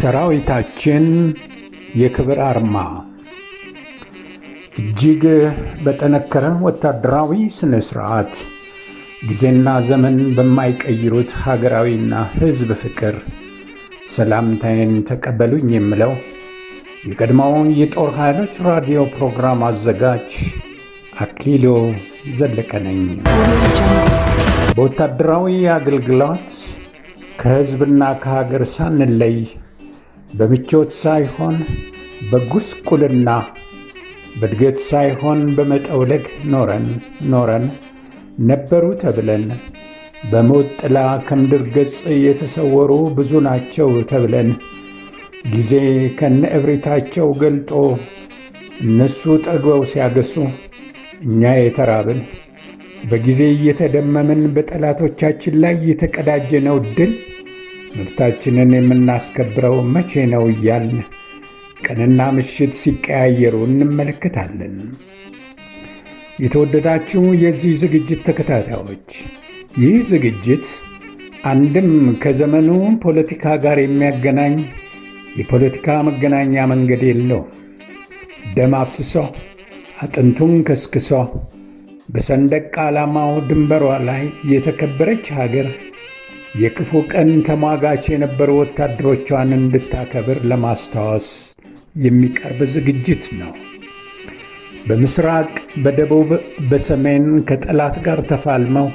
የሰራዊታችን የክብር አርማ እጅግ በጠነከረ ወታደራዊ ስነ ስርዓት ጊዜና ዘመን በማይቀይሩት ሀገራዊና ሕዝብ ፍቅር ሰላምታዬን ተቀበሉኝ የምለው የቀድሞውን የጦር ኃይሎች ራዲዮ ፕሮግራም አዘጋጅ አክሊሎ ዘለቀ ነኝ። በወታደራዊ አገልግሎት ከሕዝብና ከሀገር ሳንለይ በምቾት ሳይሆን በጉስቁልና በእድገት ሳይሆን በመጠውለግ ኖረን ኖረን ነበሩ ተብለን በሞት ጥላ ከምድር ገጽ የተሰወሩ ብዙ ናቸው ተብለን ጊዜ ከነ እብሪታቸው ገልጦ እነሱ ጠግበው ሲያገሱ እኛ የተራብን በጊዜ እየተደመምን በጠላቶቻችን ላይ የተቀዳጀነው ድል መብታችንን የምናስከብረው መቼ ነው እያልን ቀንና ምሽት ሲቀያየሩ እንመለከታለን። የተወደዳችሁ የዚህ ዝግጅት ተከታታዮች ይህ ዝግጅት አንድም ከዘመኑ ፖለቲካ ጋር የሚያገናኝ የፖለቲካ መገናኛ መንገድ የለውም። ደም አፍስሶ አጥንቱን ከስክሶ በሰንደቅ ዓላማው ድንበሯ ላይ የተከበረች ሀገር የክፉ ቀን ተሟጋች የነበሩ ወታደሮቿን እንድታከብር ለማስታወስ የሚቀርብ ዝግጅት ነው። በምስራቅ፣ በደቡብ፣ በሰሜን ከጠላት ጋር ተፋልመው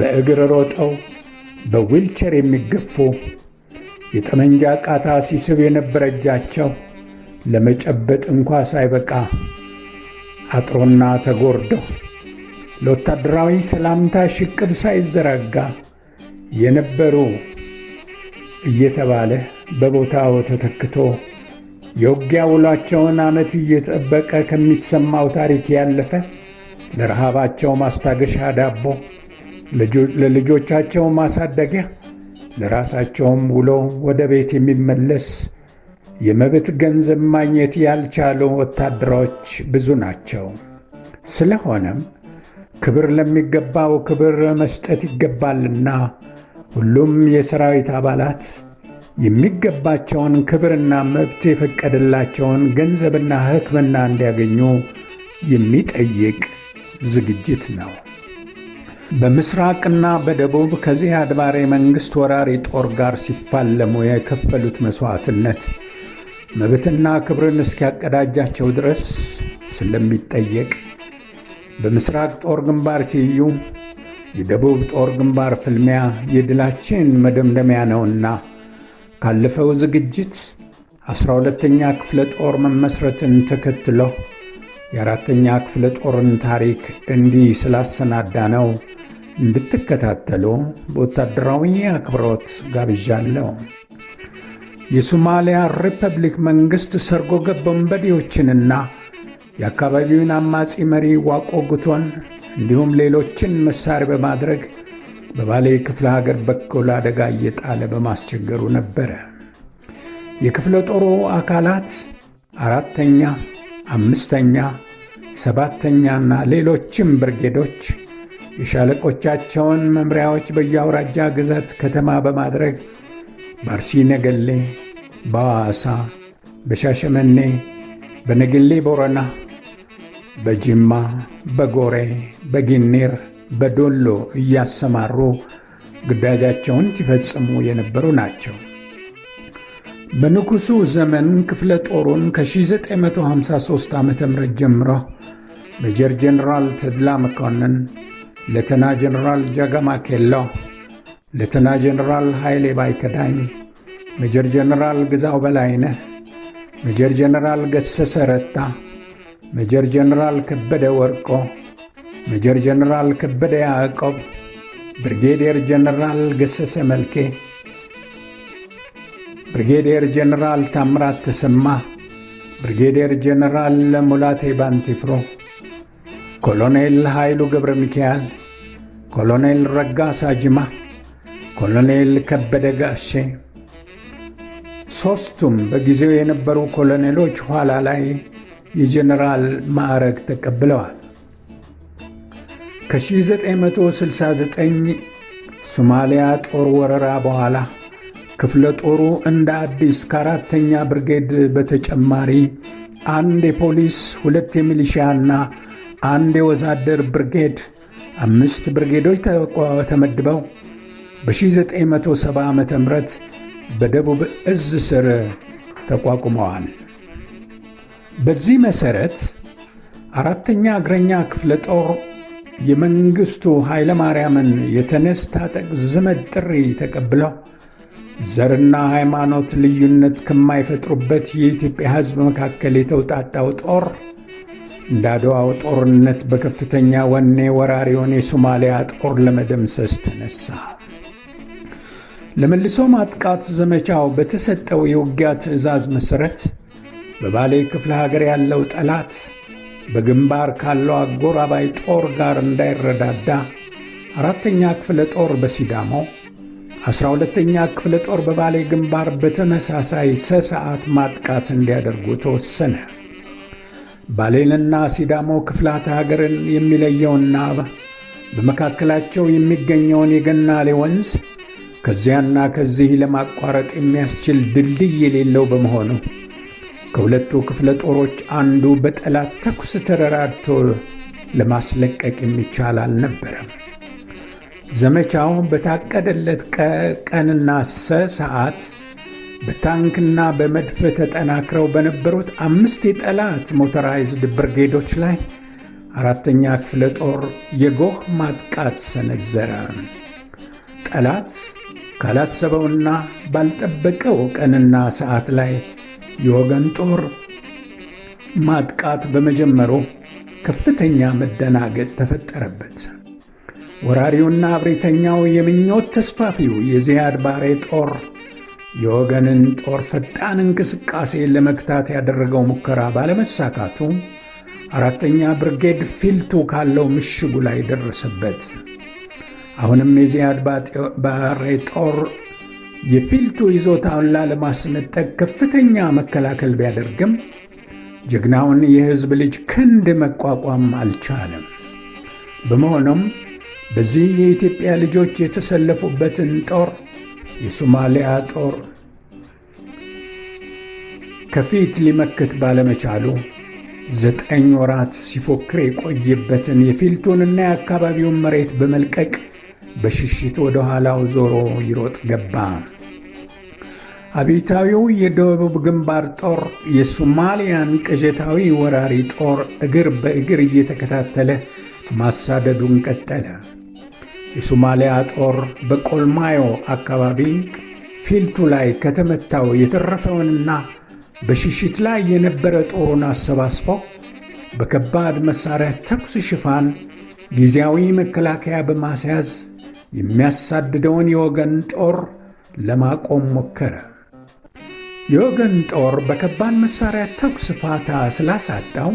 በእግር ሮጠው በዊልቸር የሚገፉ የጠመንጃ ቃታ ሲስብ የነበረ እጃቸው ለመጨበጥ እንኳ ሳይበቃ አጥሮና ተጎርደው ለወታደራዊ ሰላምታ ሽቅብ ሳይዘረጋ የነበሩ እየተባለ በቦታው ተተክቶ የውጊያ ውሏቸውን ዓመት እየጠበቀ ከሚሰማው ታሪክ ያለፈ ለረሃባቸው ማስታገሻ ዳቦ፣ ለልጆቻቸው ማሳደጊያ፣ ለራሳቸውም ውሎ ወደ ቤት የሚመለስ የመብት ገንዘብ ማግኘት ያልቻሉ ወታደሮች ብዙ ናቸው። ስለሆነም ክብር ለሚገባው ክብር መስጠት ይገባልና ሁሉም የሰራዊት አባላት የሚገባቸውን ክብርና መብት የፈቀደላቸውን ገንዘብና ሕክምና እንዲያገኙ የሚጠይቅ ዝግጅት ነው። በምስራቅና በደቡብ ከዚህ አድባሬ መንግሥት ወራሪ ጦር ጋር ሲፋለሙ የከፈሉት መሥዋዕትነት መብትና ክብርን እስኪያቀዳጃቸው ድረስ ስለሚጠየቅ በምስራቅ ጦር ግንባር ትይዩ የደቡብ ጦር ግንባር ፍልሚያ የድላችን መደምደሚያ ነውና ካለፈው ዝግጅት አስራ ሁለተኛ ክፍለ ጦር መመስረትን ተከትሎ የአራተኛ ክፍለ ጦርን ታሪክ እንዲህ ስላሰናዳ ነው እንድትከታተሉ በወታደራዊ አክብሮት ጋብዣለሁ። የሶማሊያ ሪፐብሊክ መንግሥት ሰርጎ ገብ ወንበዴዎችንና የአካባቢውን አማጺ መሪ ዋቆ ጉቶን እንዲሁም ሌሎችን መሳሪ በማድረግ በባሌ ክፍለ ሀገር በኩል አደጋ እየጣለ በማስቸገሩ ነበረ። የክፍለ ጦሩ አካላት አራተኛ፣ አምስተኛ፣ ሰባተኛና ሌሎችም ብርጌዶች የሻለቆቻቸውን መምሪያዎች በየአውራጃ ግዛት ከተማ በማድረግ በአርሲ ነገሌ፣ በሐዋሳ፣ በሻሸመኔ፣ በነገሌ ቦረና በጅማ በጎሬ በጊኒር በዶሎ እያሰማሩ ግዳጃቸውን ሲፈጽሙ የነበሩ ናቸው። በንጉሡ ዘመን ክፍለ ጦሩን ከ1953 ዓ ም ጀምሮ ሜጀር ጀኔራል ተድላ መኮንን፣ ሌተና ጀኔራል ጃጋማ ኬሎ፣ ሌተና ጀኔራል ኃይሌ ባይከዳኝ፣ ሜጀር ጀኔራል ግዛው በላይነህ፣ ሜጀር ጀኔራል ገሰሰ ረታ መጀር ጀነራል ከበደ ወርቆ፣ መጀር ጀነራል ከበደ ያዕቆብ፣ ብርጌዴር ጀነራል ገሰሰ መልኬ፣ ብርጌዴር ጀነራል ታምራት ተሰማ፣ ብርጌዴር ጀነራል ሙላቴ ባንቲፍሮ፣ ኮሎኔል ኃይሉ ገብረ ሚካኤል፣ ኮሎኔል ረጋሳ ጅማ፣ ኮሎኔል ከበደ ጋሼ ሦስቱም በጊዜው የነበሩ ኮሎኔሎች ኋላ ላይ የጀነራል ማዕረግ ተቀብለዋል። ከ1969 ሶማሊያ ጦር ወረራ በኋላ ክፍለ ጦሩ እንደ አዲስ ከአራተኛ ብርጌድ በተጨማሪ አንድ የፖሊስ ሁለት የሚሊሺያና አንድ የወዛደር ብርጌድ አምስት ብርጌዶች ተመድበው በ1970 ዓ ም በደቡብ እዝ ስር ተቋቁመዋል። በዚህ መሠረት አራተኛ እግረኛ ክፍለ ጦር የመንግሥቱ ኃይለማርያምን የተነስ ታጠቅ ዘመድ ጥሪ ተቀብለው ዘርና ሃይማኖት ልዩነት ከማይፈጥሩበት የኢትዮጵያ ሕዝብ መካከል የተውጣጣው ጦር እንደ አድዋው ጦርነት በከፍተኛ ወኔ ወራሪውን የሶማሊያ ጦር ለመደምሰስ ተነሳ። ለመልሶ ማጥቃት ዘመቻው በተሰጠው የውጊያ ትዕዛዝ መሠረት በባሌ ክፍለ ሀገር ያለው ጠላት በግንባር ካለው አጎራባይ ጦር ጋር እንዳይረዳዳ አራተኛ ክፍለ ጦር በሲዳሞ ዐሥራ ሁለተኛ ክፍለ ጦር በባሌ ግንባር በተመሳሳይ ሰሰዓት ማጥቃት እንዲያደርጉ ተወሰነ። ባሌንና ሲዳሞ ክፍላተ ሀገርን የሚለየውና በመካከላቸው የሚገኘውን የገናሌ ወንዝ ከዚያና ከዚህ ለማቋረጥ የሚያስችል ድልድይ የሌለው በመሆኑ ከሁለቱ ክፍለ ጦሮች አንዱ በጠላት ተኩስ ተረራድቶ ለማስለቀቅ የሚቻል አልነበረም። ዘመቻው በታቀደለት ቀንና ሰዓት በታንክና በመድፍ ተጠናክረው በነበሩት አምስት የጠላት ሞተራይዝድ ብርጌዶች ላይ አራተኛ ክፍለ ጦር የጎህ ማጥቃት ሰነዘረ። ጠላት ካላሰበውና ባልጠበቀው ቀንና ሰዓት ላይ የወገን ጦር ማጥቃት በመጀመሩ ከፍተኛ መደናገጥ ተፈጠረበት። ወራሪውና አብሬተኛው የምኞት ተስፋፊው የዚያድ ባሬ ጦር የወገንን ጦር ፈጣን እንቅስቃሴ ለመክታት ያደረገው ሙከራ ባለመሳካቱ አራተኛ ብርጌድ ፊልቱ ካለው ምሽጉ ላይ ደረሰበት። አሁንም የዚያድ ባሬ ጦር የፊልቱ ይዞታውን ላለማስነጠቅ ከፍተኛ መከላከል ቢያደርግም ጀግናውን የሕዝብ ልጅ ክንድ መቋቋም አልቻለም። በመሆኑም በዚህ የኢትዮጵያ ልጆች የተሰለፉበትን ጦር የሶማሊያ ጦር ከፊት ሊመክት ባለመቻሉ ዘጠኝ ወራት ሲፎክር የቆየበትን የፊልቱንና የአካባቢውን መሬት በመልቀቅ በሽሽት ወደ ኋላው ዞሮ ይሮጥ ገባ። አቤታዊው የደቡብ ግንባር ጦር የሶማሊያን ቅዠታዊ ወራሪ ጦር እግር በእግር እየተከታተለ ማሳደዱን ቀጠለ። የሶማሊያ ጦር በቆልማዮ አካባቢ ፊልቱ ላይ ከተመታው የተረፈውንና በሽሽት ላይ የነበረ ጦሩን አሰባስበው በከባድ መሣሪያ ተኩስ ሽፋን ጊዜያዊ መከላከያ በማስያዝ የሚያሳድደውን የወገን ጦር ለማቆም ሞከረ። የወገን ጦር በከባድ መሳሪያ ተኩስ ፋታ ስላሳጣው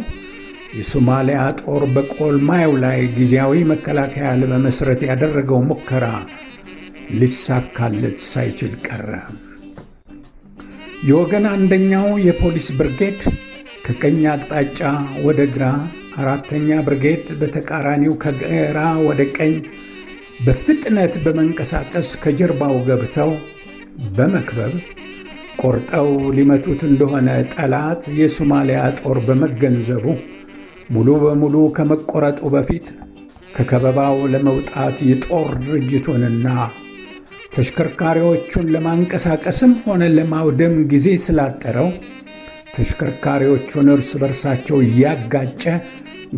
የሶማሊያ ጦር በቆልማዩ ላይ ጊዜያዊ መከላከያ ለመመስረት ያደረገው ሙከራ ሊሳካለት ሳይችል ቀረ። የወገን አንደኛው የፖሊስ ብርጌድ ከቀኝ አቅጣጫ ወደ ግራ፣ አራተኛ ብርጌድ በተቃራኒው ከግራ ወደ ቀኝ በፍጥነት በመንቀሳቀስ ከጀርባው ገብተው በመክበብ ቆርጠው ሊመቱት እንደሆነ ጠላት የሶማሊያ ጦር በመገንዘቡ ሙሉ በሙሉ ከመቆረጡ በፊት ከከበባው ለመውጣት የጦር ድርጅቱንና ተሽከርካሪዎቹን ለማንቀሳቀስም ሆነ ለማውደም ጊዜ ስላጠረው ተሽከርካሪዎቹን እርስ በርሳቸው እያጋጨ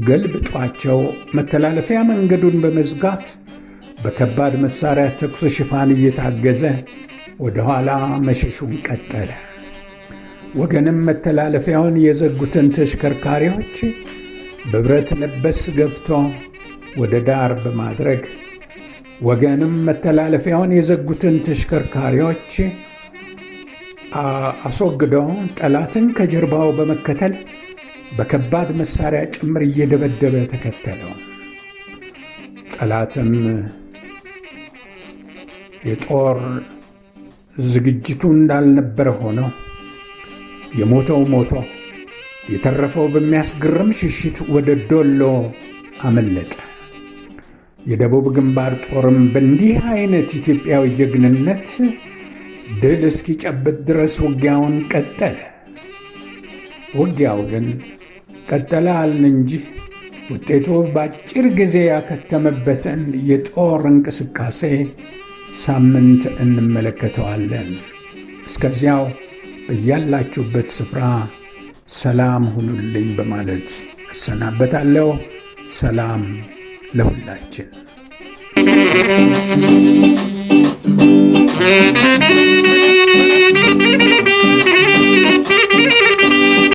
ገልብጧቸው መተላለፊያ መንገዱን በመዝጋት በከባድ መሣሪያ ተኩስ ሽፋን እየታገዘ ወደ ኋላ መሸሹን ቀጠለ። ወገንም መተላለፊያውን የዘጉትን ተሽከርካሪዎች በብረት ለበስ ገፍቶ ወደ ዳር በማድረግ ወገንም መተላለፊያውን የዘጉትን ተሽከርካሪዎች አስወግደው ጠላትን ከጀርባው በመከተል በከባድ መሳሪያ ጭምር እየደበደበ ተከተለው። ጠላትም የጦር ዝግጅቱ እንዳልነበረ ሆነው የሞተው ሞቶ የተረፈው በሚያስገርም ሽሽት ወደ ዶሎ አመለጠ። የደቡብ ግንባር ጦርም በእንዲህ አይነት ኢትዮጵያዊ ጀግንነት ድል እስኪጨብት ድረስ ውጊያውን ቀጠለ። ውጊያው ግን ቀጠለ አልን እንጂ ውጤቱ በአጭር ጊዜ ያከተመበትን የጦር እንቅስቃሴ ሳምንት እንመለከተዋለን። እስከዚያው በያላችሁበት ስፍራ ሰላም ሁኑልኝ በማለት እሰናበታለሁ። ሰላም ለሁላችን።